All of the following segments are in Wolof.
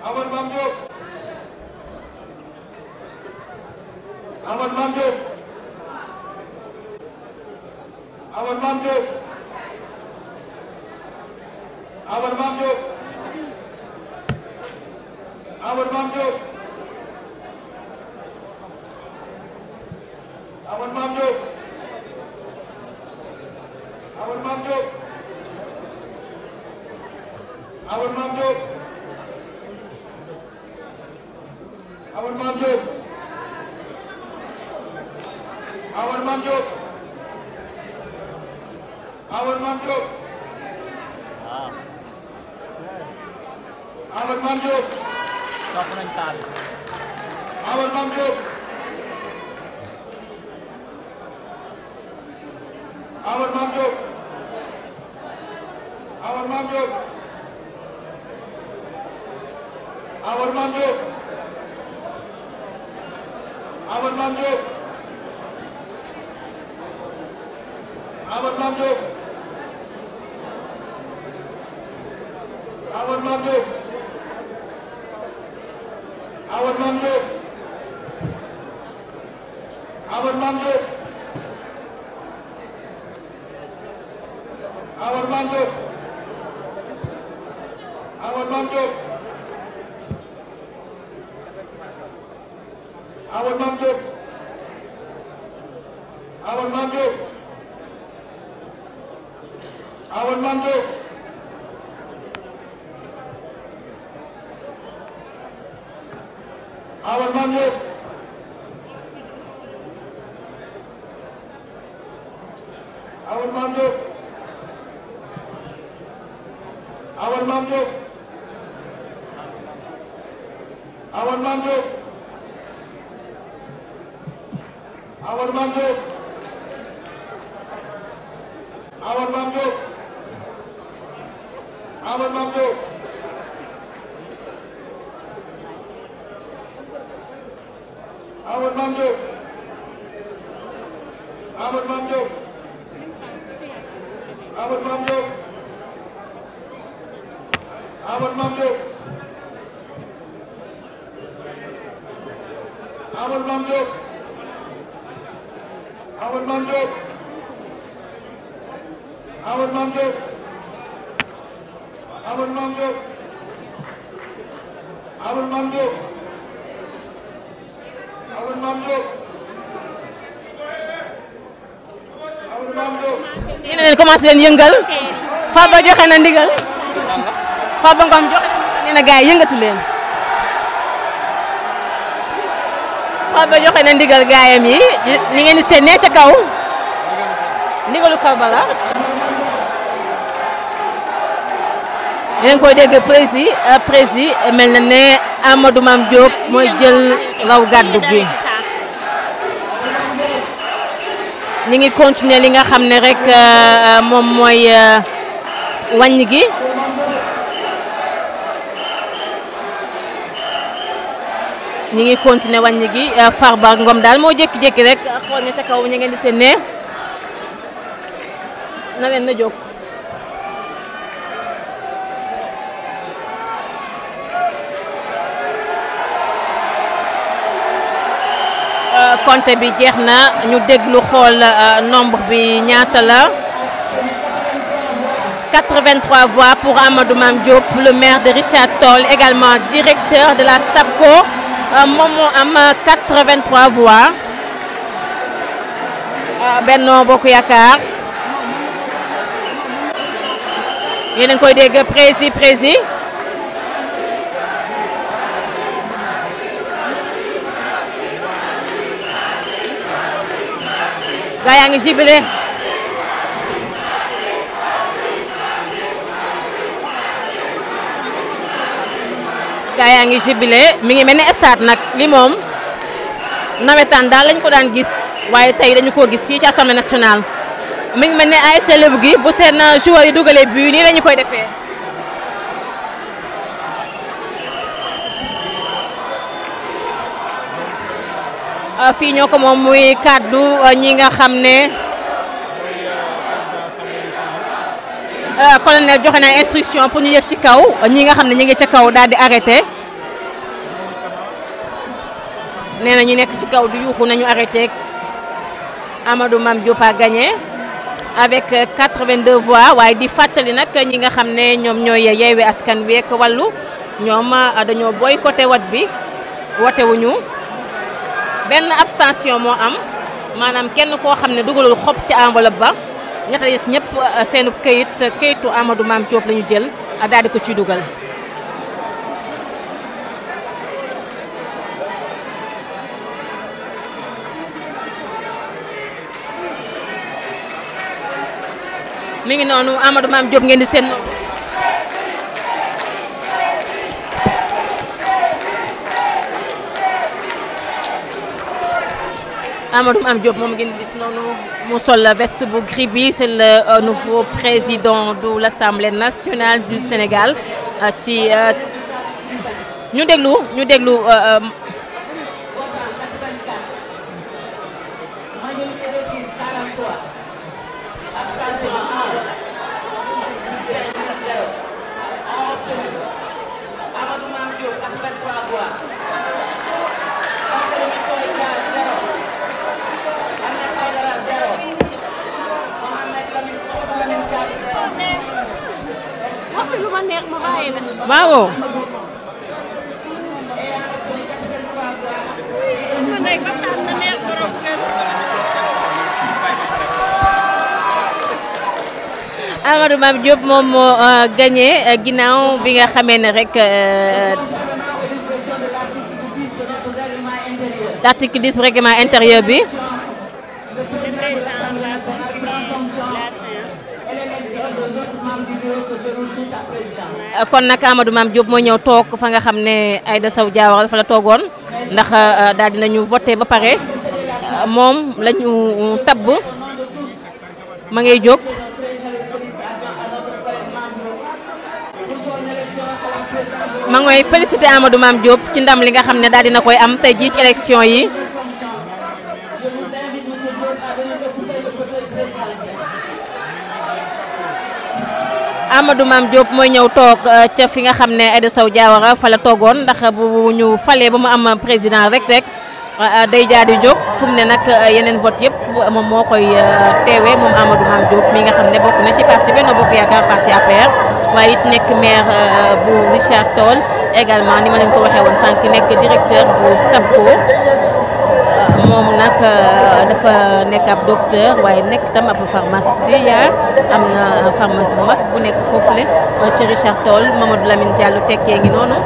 Amadou Mame Diop Amadou Mame Diop Amadou Mame Diop Amadou Mame Diop Amadou Mame Diop Amadou Mame Diop Amadou Mame Diop Amadou Mame Diop Mame Diop Amadou Mame Diop Amadou ah. Mame Diop topp nañ taal Amadou Mame Diop Awoon Mame Diop Awoon Mame Diop Awoon Mame Diop Awoon Mame Diop Awoon Mame Diop Awoon Mame Diop Awoon Mame Diop Ousmane Diop awal Mame Diop awal Mame Diop awal Mame Diop awal Mame Diop awal Mame Diop Amadou Mame Diop Amadou Mame Diop Amadou Mame Diop Amadou Mame Diop Amadou Mame Diop Amadou Mame Diop Amadou Mame Diop Amadou Mame Diop Amadou Mame Diop Amadou Mame Diop Amadou Mame Diop Amadou Mame joxe na ndigal Farba Ngom joxe na nee na gars yi yëngatu joxe na ndigal gaayam yi ngeen seen ne ca kaw ndigalu Farba dinañ koy dégg prési euh, prési mel na ne Amadou Mame Diop mooy jël raw gàddu gi ñi ngi continuer li nga xam ne rek euh, euh, moom mooy wàññi gi ñi ngi continuer waññ gi Farba Ngom daal moo jékki-jékki rek xool ña ca kaw ñu ngeen di seen ne na leen na jóg compte bi jeex na ñu déglu xool euh, nombre bi ñaata la 83 voix pour Amadou Mame Diop le maire de Richard Toll également directeur de la SAPCO euh, moom moo am 83 voix euh, Benno Bokk Yaakaar yéen a ngi koy dégg prési prési gaa yaa ngi jibile gaa yaa ngi jibile mi ngi mel ni stade nag li moom nawetaan daal lañ ko daan gis waaye tey dañu koo gis fii ci assemblée nationale mu ngi mel ni ASC Lebougui bu seen euh, joueurs yi dugalee but nii lañu koy defee Euh, fii ñoo ko moom muy kàddu euh, ñi nga xam ne euh, colonel joxe naa instruction pour ñu yëg ci kaw ñi nga xam ne ñu ngi ca kaw daal di arrêté nee na ñu nekk ci kaw di yuuxu nañu arrêté Amadou Mame Diop a gagné avec 82 voix waaye di fàttali nag ñi nga xam ne ñoom ñooy yeewi askan wi ak wàllu ñoom dañoo boycotté wat bi wote benn abstention moo am maanaam kenn koo xam ne dugalul xob ci enveloppe ba ñett yes ñépp seenu këyit këyitu amadu Mame Diop la jël euh, daal di ko ciy dugal. mi ngi noonu amadu Mame Diop ngeen di seen. Amadou Mame Diop moom ngeen gis noonu mu sol veste bu gris bi c'est le euh, nouveau président de l'Assemblée nationale du Sénégal euh, ci euh, ñu déglu ñu déglu waaw. Amadou Mame Diop moom moo euh, gagné euh, ginnaaw bi nga xamee ne rek. Euh, article 10 règlement intérieur bi. Euh, kon nag Amadou Mame Diop moo ñëw toog fa nga xam ne Aïda Sow Diawara dafa la toogoon ndax euh, daldi nañu voté ba pare euh, moom lañu ñu tabb ma ngay jóg ma ngay félicité Amadou maam Diop ci ndam li nga xam ne daal na koy am tey jii ci yi Amadou Mame Diop mooy ñëw toog euh, ca fi nga xam ne Aïda Sow Diawara fa la toogoon ndax bu ñu falee ba mu am président rek rek euh, euh, day jaa di jóg fu mu ne nag yeneen vote yëpp moom moo koy teewee moom Amadou Mame Diop mi nga xam ne bokk na ci parti Benno Bokk Yaakaar parti APR waaye it nekk maire bu Richard Toll également ni ma leen ko waxee woon sànq nekk directeur bu SAPCO. moom nag euh, dafa nekk ab docteur waaye nekk tam ab pharmacien am na euh, pharmacie bu mag bu nekk foofule euh, ca Richard Toll Mamadou Lamine Diallo tekkee ngi noonu.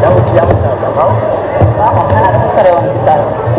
Daouda Diallo waaw.